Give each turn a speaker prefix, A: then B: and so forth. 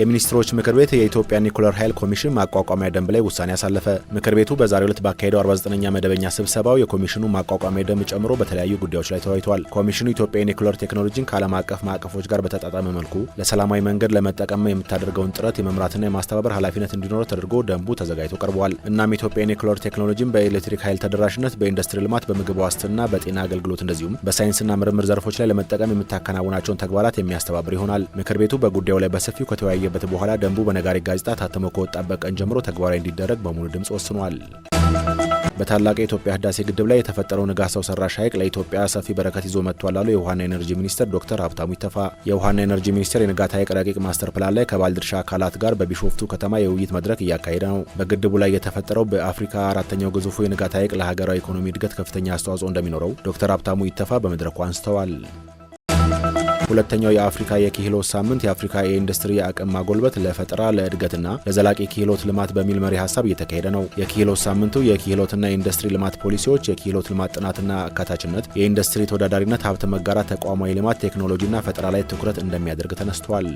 A: የሚኒስትሮች ምክር ቤት የኢትዮጵያ ኒኩለር ኃይል ኮሚሽን ማቋቋሚያ ደንብ ላይ ውሳኔ አሳለፈ። ምክር ቤቱ በዛሬው ዕለት ባካሄደው 49ኛ መደበኛ ስብሰባው የኮሚሽኑ ማቋቋሚያ ደንብ ጨምሮ በተለያዩ ጉዳዮች ላይ ተወያይቷል። ኮሚሽኑ ኢትዮጵያ የኒኩለር ቴክኖሎጂን ከዓለም አቀፍ ማዕቀፎች ጋር በተጣጣመ መልኩ ለሰላማዊ መንገድ ለመጠቀም የምታደርገውን ጥረት የመምራትና የማስተባበር ኃላፊነት እንዲኖረው ተደርጎ ደንቡ ተዘጋጅቶ ቀርቧል። እናም ኢትዮጵያ የኒኩለር ቴክኖሎጂን በኤሌክትሪክ ኃይል ተደራሽነት፣ በኢንዱስትሪ ልማት፣ በምግብ ዋስትና፣ በጤና አገልግሎት እንደዚሁም በሳይንስና ምርምር ዘርፎች ላይ ለመጠቀም የምታከናውናቸውን ተግባራት የሚያስተባብር ይሆናል። ምክር ቤቱ በጉዳዩ ላይ በሰፊው ከተወያየ ከተለየበት በኋላ ደንቡ በነጋሪት ጋዜጣ ታትሞ ከወጣበት ቀን ጀምሮ ተግባራዊ እንዲደረግ በሙሉ ድምፅ ወስኗል። በታላቅ የኢትዮጵያ ህዳሴ ግድብ ላይ የተፈጠረው ንጋት ሰው ሰራሽ ሐይቅ ለኢትዮጵያ ሰፊ በረከት ይዞ መጥቷል ላሉ የውሃና ኤነርጂ ሚኒስትር ዶክተር ሀብታሙ ይተፋ። የውሃና ኤነርጂ ሚኒስቴር የንጋት ሐይቅ ረቂቅ ማስተር ፕላን ላይ ከባለድርሻ አካላት ጋር በቢሾፍቱ ከተማ የውይይት መድረክ እያካሄደ ነው። በግድቡ ላይ የተፈጠረው በአፍሪካ አራተኛው ግዙፉ የንጋት ሐይቅ ለሀገራዊ ኢኮኖሚ እድገት ከፍተኛ አስተዋጽኦ እንደሚኖረው ዶክተር ሀብታሙ ይተፋ በመድረኩ አንስተዋል። ሁለተኛው የአፍሪካ የክህሎት ሳምንት የአፍሪካ የኢንዱስትሪ አቅም ማጎልበት ለፈጠራ ለእድገትና ለዘላቂ ክህሎት ልማት በሚል መሪ ሀሳብ እየተካሄደ ነው። የክህሎት ሳምንቱ የክህሎትና ኢንዱስትሪ ልማት ፖሊሲዎች፣ የክህሎት ልማት ጥናትና አካታችነት፣ የኢንዱስትሪ ተወዳዳሪነት፣ ሀብት መጋራት፣ ተቋማዊ ልማት፣ ቴክኖሎጂና ፈጠራ ላይ ትኩረት እንደሚያደርግ ተነስቷል።